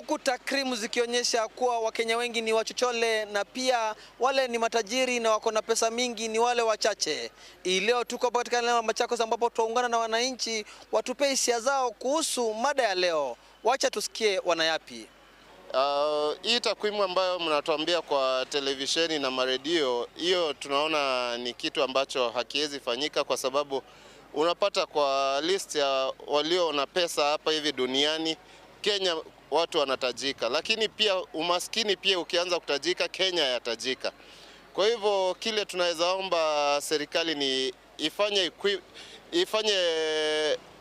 huku takrimu zikionyesha kuwa Wakenya wengi ni wachochole na pia wale ni matajiri na wako na pesa mingi ni wale wachache. Leo tuko katika eneo la Machakos ambapo tuungana na wananchi watupe hisia zao kuhusu mada ya leo. Wacha tusikie wanayapi. Uh, hii takwimu ambayo mnatuambia kwa televisheni na maredio, hiyo tunaona ni kitu ambacho hakiwezi fanyika kwa sababu unapata kwa list ya walio na pesa hapa hivi duniani Kenya watu wanatajika, lakini pia umaskini pia ukianza kutajika, Kenya yatajika. Kwa hivyo kile tunaweza omba serikali ni ifanye ifanye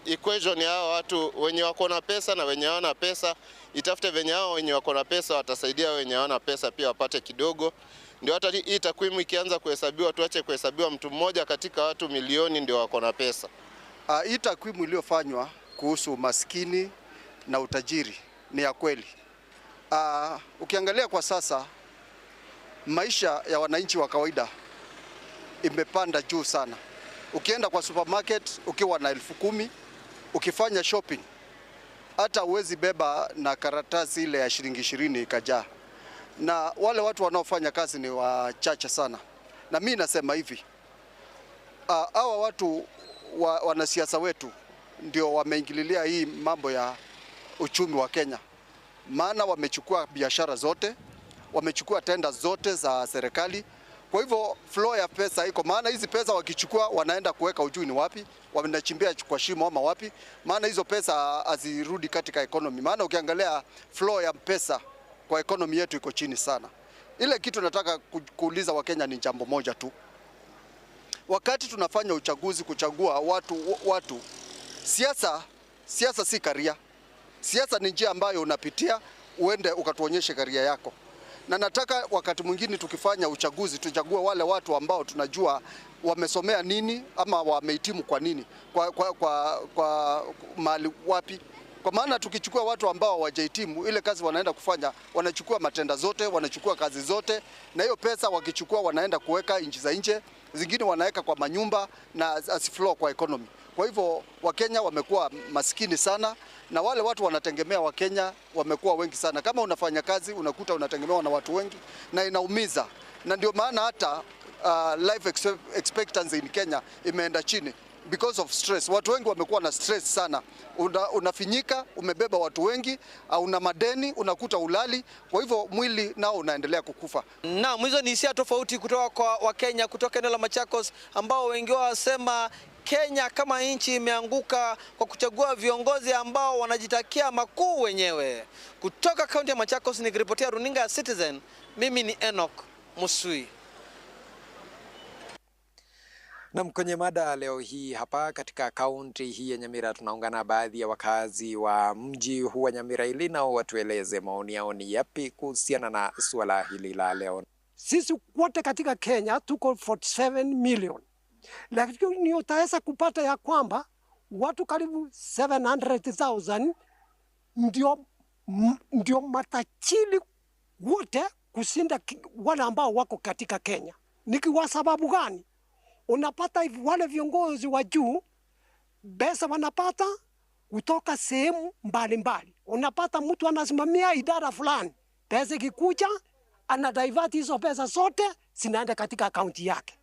equation ya watu wenye wako na pesa na wenye hawana pesa, itafute venye hao wenye wako na pesa watasaidia wenye hawana pesa pia wapate kidogo, ndio hata hii takwimu ikianza kuhesabiwa, tuache kuhesabiwa mtu mmoja katika watu milioni ndio wako na pesa. Ah, hii takwimu iliyofanywa kuhusu umaskini na utajiri ni ya kweli. Uh, ukiangalia kwa sasa maisha ya wananchi wa kawaida imepanda juu sana. Ukienda kwa supermarket ukiwa na elfu kumi ukifanya shopping hata uwezi beba na karatasi ile ya shilingi ishirini ikajaa, na wale watu wanaofanya kazi ni wachache sana. Na mi nasema hivi ah, hawa uh, watu wa, wanasiasa wetu ndio wameingililia hii mambo ya uchumi wa Kenya, maana wamechukua biashara zote, wamechukua tenda zote za serikali. Kwa hivyo flow ya pesa iko, maana hizi pesa wakichukua wanaenda kuweka ujui ni wapi, wanachimbia kwa shimo ama wapi, maana hizo pesa hazirudi katika economy. Maana ukiangalia flow ya pesa kwa economy yetu iko chini sana. Ile kitu nataka kuuliza Wakenya ni jambo moja tu, wakati tunafanya uchaguzi kuchagua watu, watu siasa siasa si karia Siasa ni njia ambayo unapitia uende ukatuonyeshe karia yako, na nataka wakati mwingine tukifanya uchaguzi tuchague wale watu ambao tunajua wamesomea nini ama wamehitimu kwa nini kwa, kwa, kwa, kwa mali wapi kwa maana tukichukua watu ambao hawajahitimu ile kazi wanaenda kufanya, wanachukua matenda zote, wanachukua kazi zote, na hiyo pesa wakichukua wanaenda kuweka nchi za nje, zingine wanaweka kwa manyumba na asiflow kwa economy. Kwa hivyo Wakenya wamekuwa maskini sana, na wale watu wanategemea Wakenya wamekuwa wengi sana. Kama unafanya kazi unakuta unategemewa na watu wengi, na inaumiza, na ndio maana hata uh, life expectancy in Kenya imeenda chini because of stress. Watu wengi wamekuwa na stress sana, una, unafinyika, umebeba watu wengi, una madeni, unakuta ulali, kwa hivyo mwili nao unaendelea kukufa. Naam, hizo ni hisia tofauti kutoka kwa Wakenya kutoka eneo la Machakos ambao wengi wao wasema Kenya kama nchi imeanguka kwa kuchagua viongozi ambao wanajitakia makuu wenyewe. Kutoka kaunti ya Machakos nikiripotia runinga ya Citizen, mimi ni Enoch Musui. Nam, kwenye mada leo hii hapa katika kaunti hii ya Nyamira tunaungana baadhi ya wakazi wa mji huu wa Nyamira ili nao watueleze maoni yao ni yapi kuhusiana na suala hili la leo. Sisi wote katika Kenya tuko 47 million, lakini utaweza kupata ya kwamba watu karibu 700,000 ndio, ndio matachili wote kushinda wale ambao wako katika Kenya. Ni kwa sababu gani? unapata hivi wale viongozi wa juu pesa wanapata kutoka sehemu mbalimbali. Unapata mtu anasimamia idara fulani, pesa ikikuja ana divert hizo pesa zote zinaenda katika akaunti yake,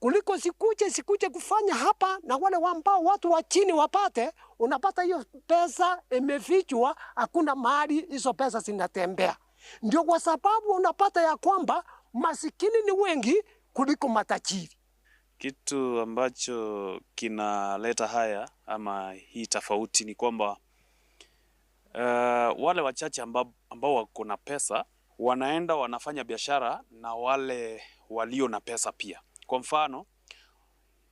kuliko sikuje sikuje kufanya hapa na wale ambao watu wa chini wapate. Unapata hiyo pesa imefichwa, hakuna mahali hizo pesa zinatembea. Ndio kwa sababu unapata ya kwamba masikini ni wengi kuliko matajiri. Kitu ambacho kinaleta haya ama hii tofauti ni kwamba uh, wale wachache ambao, ambao wako na pesa wanaenda wanafanya biashara na wale walio na pesa pia. Kwa mfano,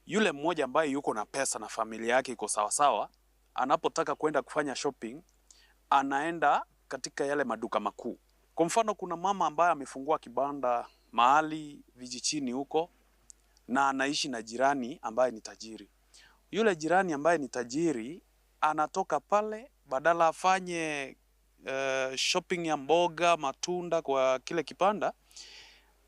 yule mmoja ambaye yuko na pesa na familia yake iko sawasawa, anapotaka kwenda kufanya shopping anaenda katika yale maduka makuu. Kwa mfano, kuna mama ambaye amefungua kibanda mahali vijijini huko na anaishi na jirani ambaye ni tajiri. Yule jirani ambaye ni tajiri anatoka pale, badala afanye uh, shopping ya mboga, matunda kwa kile kipanda,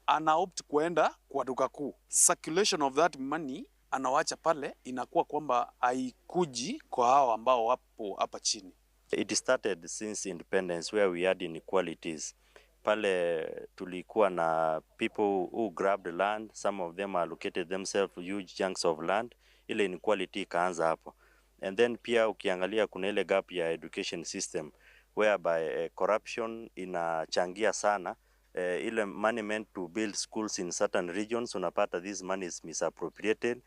ana opt kuenda kwa duka kuu. Circulation of that money anawacha pale, inakuwa kwamba haikuji kwa hao ambao wapo hapa chini. It started since independence where we had inequalities pale tulikuwa na people who grabbed land, some of them allocated themselves huge chunks of land. Ile inequality ikaanza hapo, and then pia ukiangalia kuna ile gap ya education system whereby uh, corruption inachangia sana uh, ile money meant to build schools in certain regions, unapata this money is misappropriated,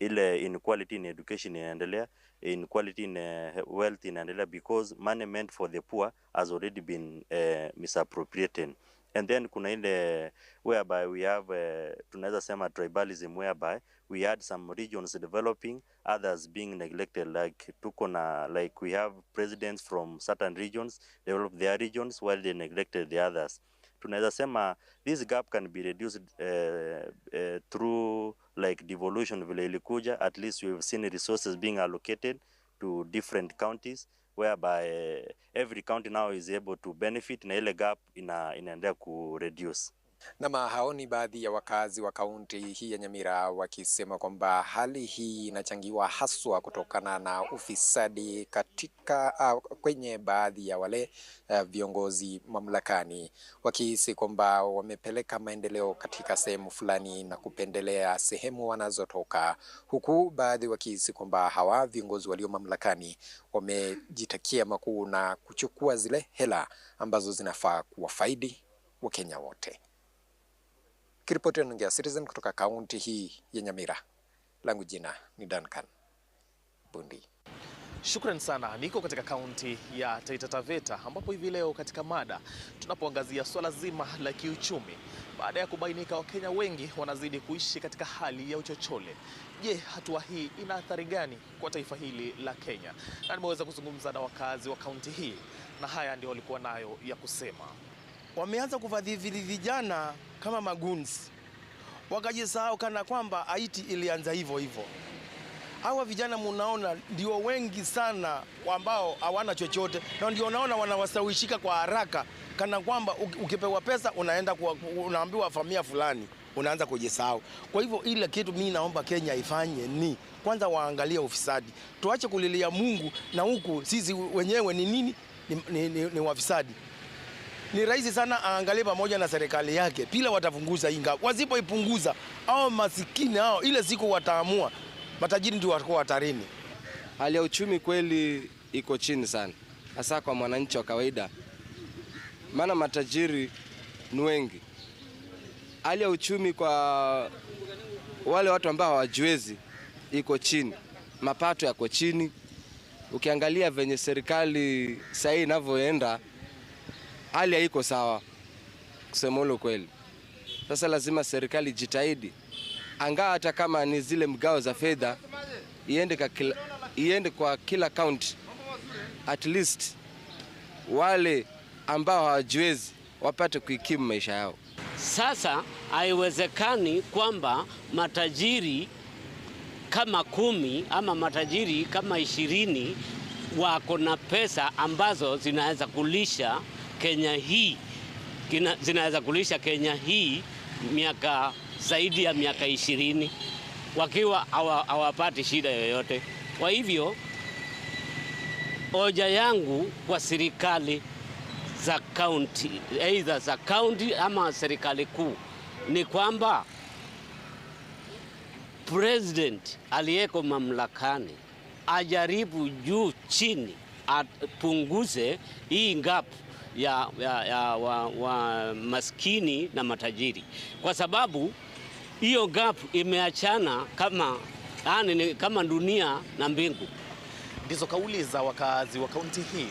ile inequality in education inaendelea. in quality in uh, wealth in Andela because money meant for the poor has already been uh, misappropriated and then kuna ile whereby we have uh, tunaweza sema tribalism whereby we had some regions developing others being neglected like tuko na like we have presidents from certain regions develop their regions while they neglected the others tunaweza sema this gap can be reduced uh, uh, through like devolution vile ilikuja. At least we've seen resources being allocated to different counties whereby uh, every county now is able to benefit na ile gap ina, ku reduce Nam, hao ni baadhi ya wakazi wa kaunti hii ya Nyamira wakisema kwamba hali hii inachangiwa haswa kutokana na ufisadi katika uh, kwenye baadhi ya wale uh, viongozi mamlakani, wakihisi kwamba wamepeleka maendeleo katika sehemu fulani na kupendelea sehemu wanazotoka, huku baadhi wakihisi kwamba hawa viongozi walio mamlakani wamejitakia makuu na kuchukua zile hela ambazo zinafaa kuwafaidi Wakenya wote. Kiripoti ya Citizen kutoka kaunti hii ya Nyamira. Langu jina ni Duncan Bundi. Shukran sana. Niko katika kaunti ya Taita Taveta ambapo hivi leo katika mada tunapoangazia swala zima la kiuchumi baada ya kubainika Wakenya wengi wanazidi kuishi katika hali ya uchochole. Je, hatua hii ina athari gani kwa taifa hili la Kenya? Na nimeweza kuzungumza na wakazi wa kaunti hii na haya ndio walikuwa nayo ya kusema. Wameanza kuvadhivili vijana kama maguns wakajisahau kana kwamba Haiti ilianza hivyo hivyo. Hawa vijana munaona ndio wengi sana ambao hawana chochote, na ndio unaona wanawasawishika kwa haraka, kana kwamba ukipewa pesa unaenda kwa, unaambiwa familia fulani unaanza kujisahau. Kwa hivyo ile kitu mimi naomba Kenya ifanye ni kwanza waangalie ufisadi, tuache kulilia Mungu na huku sisi wenyewe ni nini? Ni, ni, ni, ni wafisadi ni rahisi sana aangalie pamoja na serikali yake, pila watapunguza inga. Wasipoipunguza au masikini hao, ile siku wataamua, matajiri ndio watakuwa hatarini. Hali ya uchumi kweli iko chini sana, hasa kwa mwananchi wa kawaida, maana matajiri ni wengi. Hali ya uchumi kwa wale watu ambao hawajiwezi iko chini, mapato yako chini. Ukiangalia venye serikali sahii inavyoenda hali haiko sawa, kusema ule kweli. Sasa lazima serikali jitahidi, angaa hata kama ni zile mgao za fedha iende kwa kila, iende kwa kila kaunti, at least wale ambao hawajiwezi wapate kuikimu maisha yao. Sasa haiwezekani kwamba matajiri kama kumi ama matajiri kama ishirini wako na pesa ambazo zinaweza kulisha Kenya hii kina, zinaweza kulisha Kenya hii miaka zaidi ya miaka ishirini wakiwa hawapati shida yoyote. Kwa hivyo hoja yangu kwa serikali za kaunti, aidha za kaunti ama serikali kuu ni kwamba president aliyeko mamlakani ajaribu juu chini apunguze hii ngapi ya, ya, ya wa, wa maskini na matajiri, kwa sababu hiyo gap imeachana kama, yani, kama dunia na mbingu. Ndizo kauli za wakazi wa kaunti hii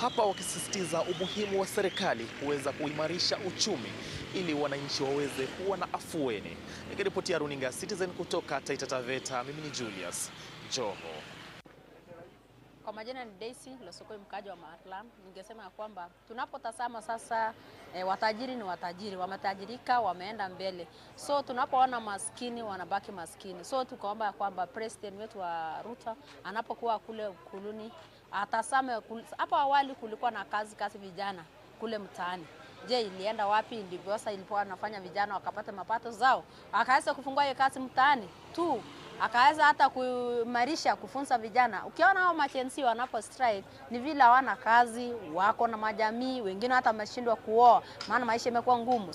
hapa wakisisitiza umuhimu wa serikali kuweza kuimarisha uchumi ili wananchi waweze kuwa na afueni. Nikiripotia runinga Citizen kutoka Taita Taveta, mimi ni Julius Joho. Kwa majina ni Daisy Losokoi, mkaji wa Maatlam. Ningesema ya kwamba tunapotazama sasa e, watajiri ni watajiri, wametajirika, wameenda mbele, so tunapoona maskini wanabaki maskini. So tukaomba ya kwamba president wetu wa Ruto anapokuwa kule ukuluni atasame. Hapo awali kulikuwa na kazi kazi vijana kule mtaani Je, ilienda wapi? Ndivyo sasa ilipo anafanya vijana wakapata mapato zao, akaweza kufungua hiyo kazi mtaani tu akaweza hata kuimarisha kufunza vijana. Ukiona hao machensi wanapo strike ni vile hawana kazi, wako na majamii, wengine hata wameshindwa kuoa, maana maisha imekuwa ngumu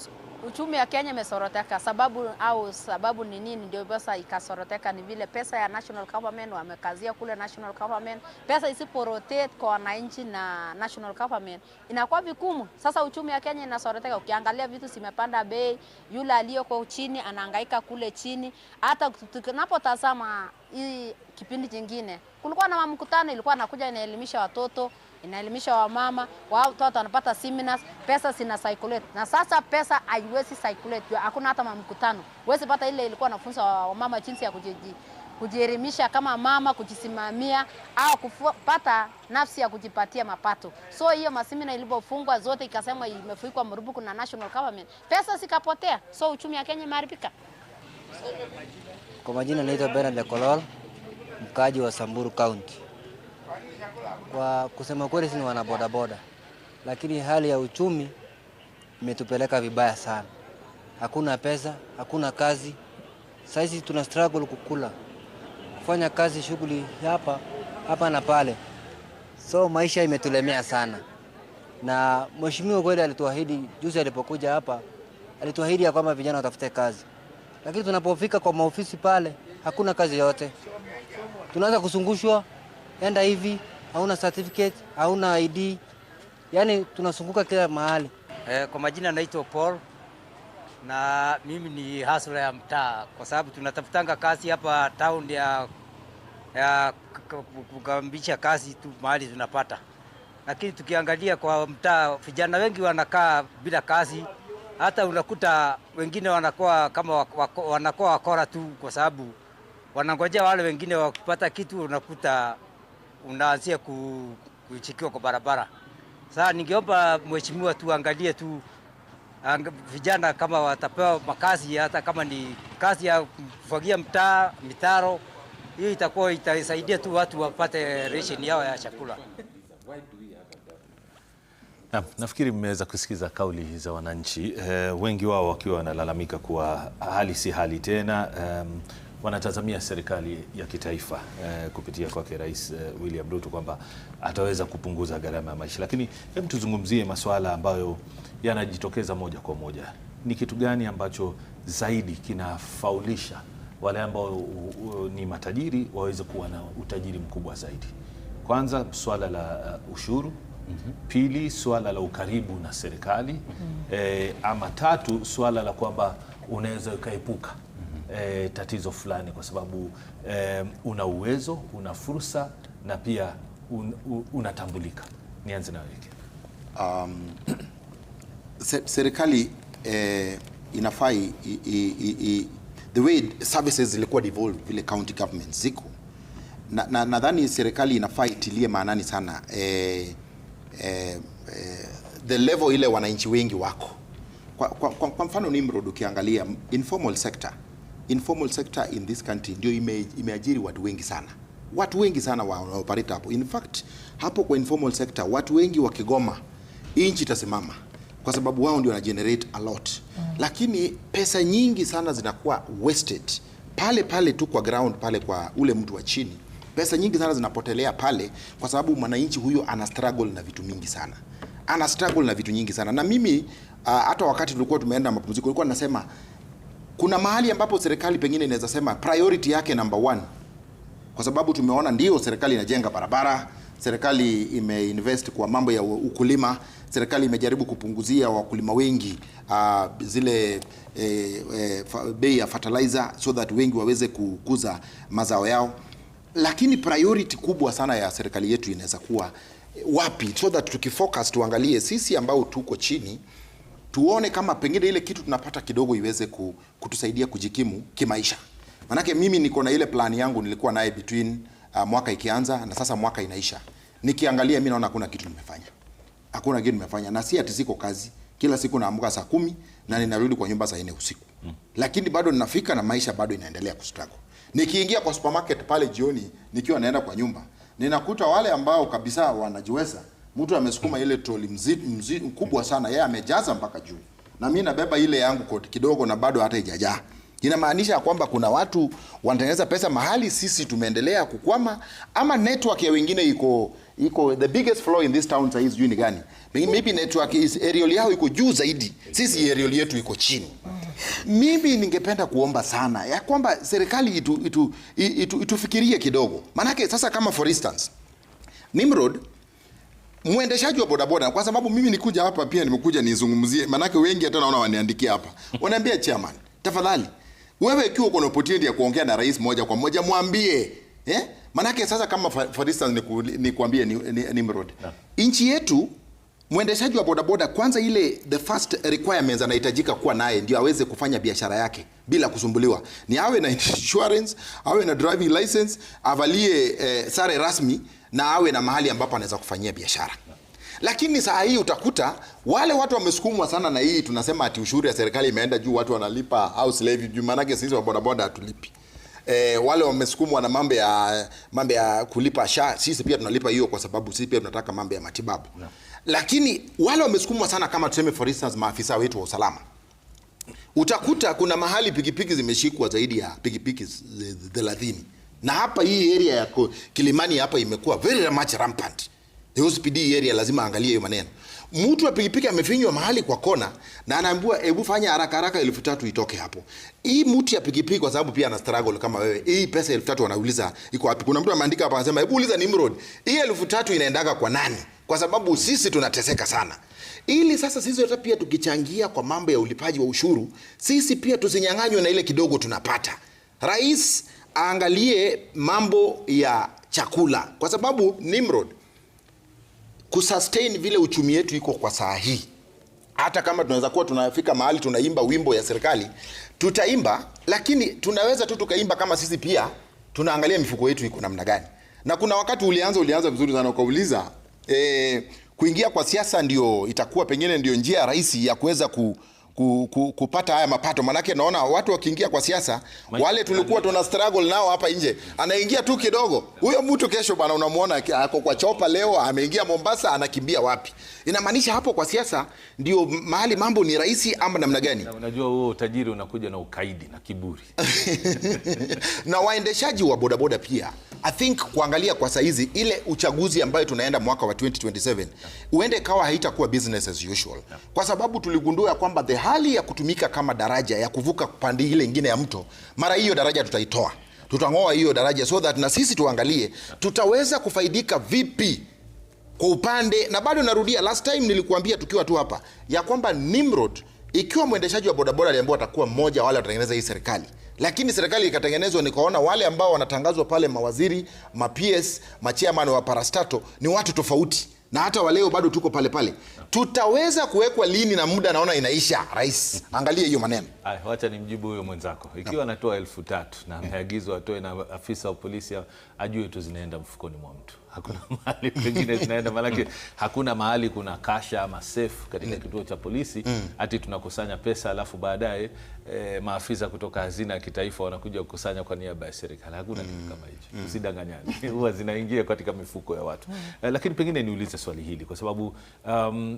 uchumi wa Kenya imesoroteka. Sababu au sababu ni nini ndio pesa ikasoroteka? Ni vile pesa ya national government wamekazia kule national government. Pesa isipo rotate kwa wananchi na national government inakuwa vigumu. Sasa uchumi wa Kenya inasoroteka. Ukiangalia vitu zimepanda bei, yule aliyoko chini anahangaika kule chini. Hata tunapotazama hii kipindi kingine, kulikuwa na mkutano, ilikuwa nakuja inaelimisha watoto inaelimisha wamama wao, watoto wanapata seminars, pesa zina circulate. Na sasa pesa haiwezi circulate, hakuna hata mkutano huwezi pata ile ilikuwa nafunza wamama jinsi ya kujiji kujielimisha kama mama, kujisimamia au kupata nafsi ya kujipatia mapato. So hiyo masimina ilipofungwa zote, ikasema imefuikwa marufuku na national government, pesa zikapotea, so uchumi wa Kenya imeharibika. Kwa majina naitwa Bernard Lekolol, mkaji wa Samburu County kwa kusema kweli ni wanabodaboda, lakini hali ya uchumi imetupeleka vibaya sana. Hakuna pesa, hakuna kazi. sahizi tuna struggle kukula, kufanya kazi, shughuli hapa hapa na pale, so maisha imetulemea sana. Na mheshimiwa kweli alituahidi juzi alipokuja hapa, alituahidi ya kwamba vijana watafute kazi, lakini tunapofika kwa maofisi pale hakuna kazi yote, tunaanza kusungushwa, enda hivi hauna certificate, hauna ID, yaani tunazunguka kila mahali. Eh, kwa majina naitwa Paul na mimi ni hasla ya mtaa, kwa sababu tunatafutanga kazi hapa town ya ya kukambisha kazi tu mahali tunapata, lakini tukiangalia kwa mtaa, vijana wengi wanakaa bila kazi. Hata unakuta wengine wanakuwa kama wanakuwa wakora tu, kwa sababu wanangojea wale wengine wakipata kitu, unakuta unaanzia kuchikiwa kwa barabara. Sasa ningeomba mheshimiwa tu angalie tu ang, vijana kama watapewa makazi, hata kama ni kazi ya kufagia mtaa mitaro, hiyo itakuwa itasaidia tu watu wapate ration yao ya chakula. Na, nafikiri mmeweza kusikiza kauli za wananchi eh, wengi wao wakiwa wanalalamika kuwa hali si hali tena um, wanatazamia serikali ya kitaifa eh, kupitia kwake Rais eh, William Ruto kwamba ataweza kupunguza gharama ya maisha, lakini hebu tuzungumzie masuala ambayo yanajitokeza moja kwa moja. Ni kitu gani ambacho zaidi kinafaulisha wale ambao ni matajiri waweze kuwa na utajiri mkubwa zaidi? Kwanza swala la uh, ushuru Mm -hmm. Pili, swala la ukaribu na serikali mm -hmm. E, ama tatu, suala la kwamba unaweza ukaepuka e, tatizo fulani, kwa sababu e, una uwezo, una fursa na pia un, un, unatambulika. Nianze na wiki um, se, serikali eh, i, the way services zilikuwa devolved vile county government ziko na nadhani na serikali inafaa itilie maanani sana eh, eh, eh, the level ile wananchi wengi wako kwa, kwa, kwa, kwa mfano Nimrod, ukiangalia informal sector informal sector in this country ndio ime, imeajiri watu wengi sana, watu wengi sana wanaoperate hapo. In fact hapo kwa informal sector watu wengi wakigoma, inchi itasimama kwa sababu wao ndio wanagenerate a lot mm. Lakini pesa nyingi sana zinakuwa wasted pale pale tu kwa ground pale kwa ule mtu wa chini. Pesa nyingi sana zinapotelea pale, kwa sababu mwananchi huyo ana struggle na vitu mingi sana, ana struggle na vitu nyingi sana. Na mimi ah, hata uh, wakati tulikuwa tumeenda mapumziko, nilikuwa nasema kuna mahali ambapo serikali pengine inaweza sema priority yake number one, kwa sababu tumeona ndio serikali inajenga barabara, serikali imeinvest kwa mambo ya ukulima, serikali imejaribu kupunguzia wakulima wengi uh, zile eh, eh, bei ya fertilizer so that wengi waweze kukuza mazao yao, lakini priority kubwa sana ya serikali yetu inaweza kuwa eh, wapi, so that tukifocus tuangalie sisi ambao tuko chini tuone kama pengine ile kitu tunapata kidogo iweze kutusaidia kujikimu kimaisha. Manake mimi niko na ile plani yangu nilikuwa naye between uh, mwaka ikianza na sasa mwaka inaisha. Nikiangalia mimi naona hakuna kitu nimefanya. Hakuna kitu nimefanya na si ati siko kazi. Kila siku naamka saa kumi na ninarudi kwa nyumba saa nne usiku. Mm. Lakini bado ninafika na maisha bado inaendelea kustruggle. Nikiingia kwa supermarket pale jioni nikiwa naenda kwa nyumba, ninakuta wale ambao kabisa wanajiweza mtu amesukuma ile toli mzito mzi, mkubwa sana, yeye amejaza mpaka juu, na mimi nabeba ile yangu koti kidogo na bado hata haijajaa. Inamaanisha kwamba kuna watu wanatengeneza pesa mahali sisi tumeendelea kukwama, ama network ya wengine iko iko the biggest flow in this town size juu ni gani? Maybe network is aerial yao iko juu zaidi, sisi aerial yetu iko chini. Mimi ningependa kuomba sana ya kwamba serikali itu, itu, itu, itu, itufikirie kidogo, maanake sasa kama for instance Nimrod mwendeshaji wa bodaboda, kwa sababu mimi nikuja hapa pia nimekuja nizungumzie, manake wengi hata naona waniandikia hapa, wanaambia chairman, tafadhali wewe ikiwa uko na opportunity ya kuongea na rais moja kwa moja mwambie eh? manake sasa kama for instance nikuambie ni, ni, ni, ni, ni nchi yetu mwendeshaji wa bodaboda kwanza, ile the first requirements anahitajika kuwa naye ndio aweze kufanya biashara yake bila kusumbuliwa, ni awe na insurance, awe na driving license, avalie eh, sare rasmi na awe na mahali ambapo anaweza kufanyia biashara. Lakini saa hii utakuta wale watu wamesukumwa sana na hii tunasema ati ushuri ya serikali imeenda juu, watu wanalipa house levy juu, maanake sisi wa bodaboda hatulipi. E, wale wamesukumwa na mambo ya mambo ya kulipa SHA, sisi pia tunalipa hiyo, kwa sababu sisi pia tunataka mambo ya matibabu yeah. Lakini wale wamesukumwa sana, kama tuseme for instance, maafisa wetu wa usalama, utakuta kuna mahali pikipiki zimeshikwa zaidi ya pikipiki 30 na hapa hii area ya Kilimani hapa imekuwa very much rampant. The OCPD area lazima angalie hiyo maneno. Mtu wa pikipiki amefinywa mahali kwa kona na anaambiwa hebu fanya haraka haraka elfu tatu itoke hapo. Hii mtu ya pikipiki kwa sababu pia ana struggle kama wewe. Hii pesa elfu tatu anauliza iko wapi? Kuna mtu ameandika hapa anasema hebu uliza Nimrod. Hii elfu tatu inaendaga kwa nani? Kwa sababu sisi tunateseka sana. Ili sasa sisi hata pia tukichangia kwa mambo ya ulipaji wa ushuru, sisi pia tusinyang'anywe na ile kidogo tunapata. Rais aangalie mambo ya chakula, kwa sababu Nimrod kusustain vile uchumi yetu iko kwa saa hii, hata kama tunaweza kuwa tunafika mahali tunaimba wimbo ya serikali tutaimba, lakini tunaweza tu tukaimba kama sisi pia tunaangalia mifuko yetu iko namna gani. Na kuna wakati ulianza ulianza vizuri sana ukauliza, e, kuingia kwa siasa ndio itakuwa pengine ndio njia rahisi ya kuweza ku ku, ku, kupata haya mapato, manake naona watu wakiingia kwa siasa, wale tulikuwa tuna struggle nao hapa nje, anaingia tu kidogo huyo mtu, kesho bana, unamuona ako kwa chopa, leo ameingia Mombasa, anakimbia wapi? Inamaanisha hapo kwa siasa ndio mahali mambo ni rahisi ama namna gani? Na unajua huo utajiri unakuja na ukaidi na kiburi na waendeshaji wa bodaboda pia I think kuangalia kwa saizi ile uchaguzi ambayo tunaenda mwaka wa 2027 uende kawa haitakuwa business as usual, kwa sababu tuligundua kwamba the hali ya kutumika kama daraja ya kuvuka pande ile ingine ya mto, mara hiyo daraja tutaitoa, tutang'oa hiyo daraja so that na sisi tuangalie tutaweza kufaidika vipi kwa upande. Na bado narudia, last time nilikuambia tukiwa tu hapa ya kwamba Nimrod, ikiwa mwendeshaji wa bodaboda aliambiwa atakuwa mmoja wale watatengeneza hii serikali lakini serikali ikatengenezwa, nikaona wale ambao wanatangazwa pale, mawaziri, ma PS, machairman wa parastato ni watu tofauti na hata waleo bado tuko pale pale. Tutaweza kuwekwa lini na muda naona inaisha, rais. Angalia hiyo maneno. Haya, wacha nimjibu huyo mwenzako. Ikiwa anatoa elfu tatu na ameagizwa atoe na afisa wa polisi ajue tu zinaenda mfukoni mwa mtu hakuna mahali pengine tunaenda, maanake mm. hakuna mahali kuna kasha ama safe katika mm. kituo cha polisi hati mm. tunakusanya pesa alafu baadaye e, maafisa kutoka hazina ya kitaifa wanakuja kukusanya kwa niaba ya serikali. Hakuna kitu kama hicho, usidanganyani. Huwa zinaingia katika mifuko ya watu. Eh, lakini pengine niulize swali hili kwa sababu um,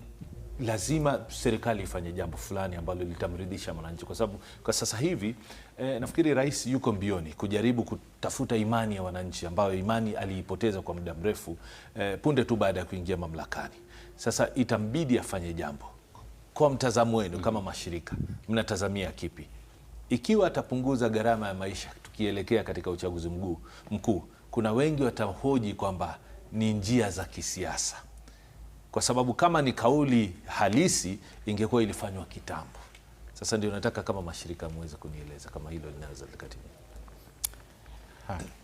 lazima serikali ifanye jambo fulani ambalo litamridhisha mwananchi, kwa sababu kwa sasa hivi eh, nafikiri rais yuko mbioni kujaribu kutafuta imani ya wananchi ambayo imani aliipoteza kwa muda mrefu eh, punde tu baada ya kuingia mamlakani. Sasa itambidi afanye jambo. Kwa mtazamo wenu kama mashirika, mnatazamia kipi ikiwa atapunguza gharama ya maisha tukielekea katika uchaguzi mkuu? Kuna wengi watahoji kwamba ni njia za kisiasa kwa sababu kama ni kauli halisi ingekuwa ilifanywa kitambo. Sasa ndio nataka kama mashirika muweze kunieleza kama hilo linaweza likatimia.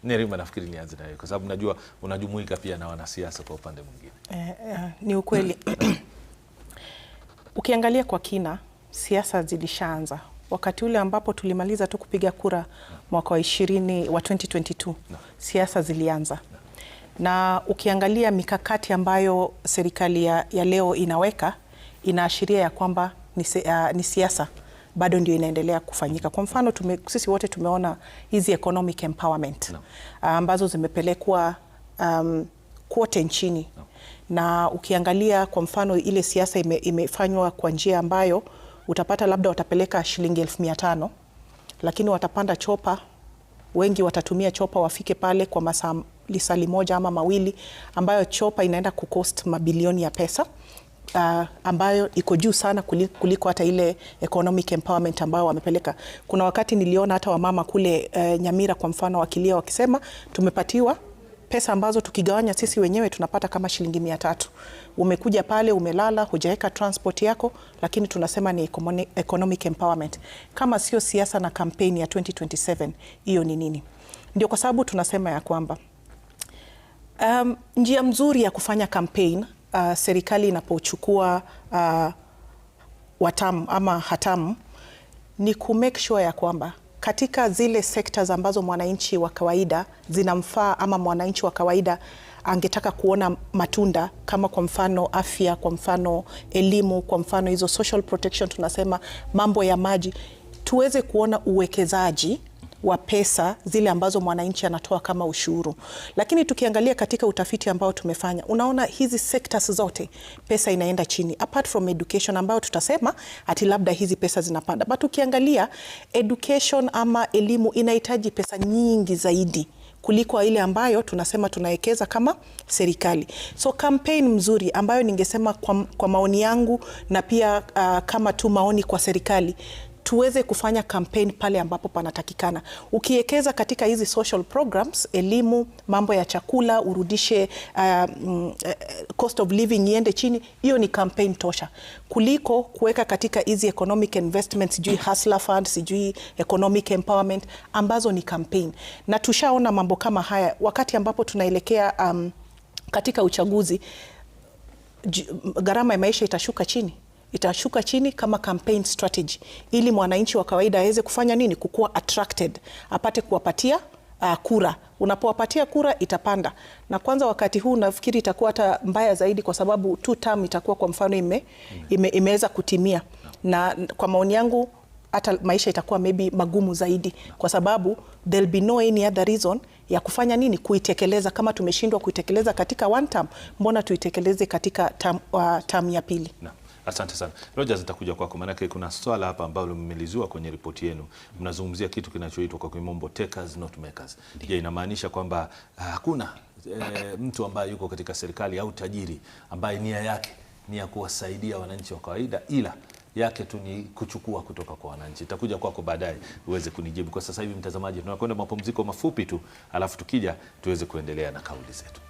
Nerima, nafikiri nianze nawe kwa sababu najua unajumuika pia na wanasiasa kwa upande mwingine. Eh, eh, ni ukweli ukiangalia kwa kina, siasa zilishaanza wakati ule ambapo tulimaliza tu kupiga kura mwaka wa ishirini wa 2022 no. Siasa zilianza no na ukiangalia mikakati ambayo serikali ya, ya leo inaweka inaashiria ya kwamba ni, uh, ni siasa bado ndio inaendelea kufanyika. Kwa mfano tume, sisi wote tumeona hizi economic empowerment no. Ah, ambazo zimepelekwa um, kote nchini no. na ukiangalia kwa mfano ile siasa ime, imefanywa kwa njia ambayo utapata labda watapeleka shilingi elfu mia tano lakini watapanda chopa wengi watatumia chopa wafike pale kwa masaa lisali moja ama mawili ambayo chopa inaenda kukost mabilioni ya pesa uh, ambayo iko juu sana kuliko hata ile economic empowerment ambayo wamepeleka. Kuna wakati niliona hata wamama kule uh, Nyamira kwa mfano wakilia wakisema tumepatiwa pesa ambazo tukigawanya sisi wenyewe tunapata kama shilingi mia tatu. Umekuja pale umelala, hujaweka transport yako, lakini tunasema ni economic empowerment. Kama sio siasa na kampeni ya 2027 hiyo ni nini? Ndio kwa sababu tunasema ya kwamba Um, njia mzuri ya kufanya campaign uh, serikali inapochukua uh, watamu ama hatamu ni ku make sure ya kwamba katika zile sectors ambazo mwananchi wa kawaida zinamfaa ama mwananchi wa kawaida angetaka kuona matunda kama kwa mfano afya, kwa mfano elimu, kwa mfano hizo social protection, tunasema mambo ya maji, tuweze kuona uwekezaji wa pesa zile ambazo mwananchi anatoa kama ushuru. Lakini tukiangalia katika utafiti ambao tumefanya, unaona hizi sectors zote pesa inaenda chini, apart from education ambayo tutasema ati labda hizi pesa zinapanda, but ukiangalia education ama elimu inahitaji pesa nyingi zaidi kuliko ile ambayo tunasema tunawekeza kama serikali. So campaign mzuri ambayo ningesema kwa, kwa maoni yangu na pia uh, kama tu maoni kwa serikali tuweze kufanya campaign pale ambapo panatakikana. Ukiwekeza katika hizi social programs, elimu, mambo ya chakula, urudishe uh, mm, eh, cost of living iende chini, hiyo ni campaign tosha kuliko kuweka katika hizi economic investment, sijui hustler fund, sijui economic empowerment ambazo ni campaign, na tushaona mambo kama haya wakati ambapo tunaelekea um, katika uchaguzi, gharama ya maisha itashuka chini itashuka chini kama campaign strategy, ili mwananchi wa kawaida aweze kufanya nini, kukuwa attracted, apate kuwapatia uh, kura. Unapowapatia kura itapanda, na kwanza wakati huu nafikiri itakuwa hata mbaya zaidi, kwa sababu two term itakuwa kwa mfano ime, ime, imeweza kutimia, na kwa maoni yangu hata maisha itakuwa maybe magumu zaidi, kwa sababu there'll be no any other reason ya kufanya nini, kuitekeleza. Kama tumeshindwa kuitekeleza katika one term, mbona tuitekeleze katika term, uh, term ya pili na. Asante sana. Rogers, zitakuja kwako, maanake kuna swala hapa ambalo mmelizua kwenye ripoti yenu. Mnazungumzia kitu kinachoitwa kwa kimombo takers not makers. Je, inamaanisha kwamba ah, hakuna e, mtu ambaye yuko katika serikali au tajiri ambaye nia yake ni ya kuwasaidia wananchi wa kawaida ila yake tu ni kuchukua kutoka kwa wananchi. Itakuja kwako baadaye uweze kunijibu. Kwa sasa hivi, mtazamaji, tunakwenda mapumziko mafupi tu, alafu tukija tuweze kuendelea na kauli zetu.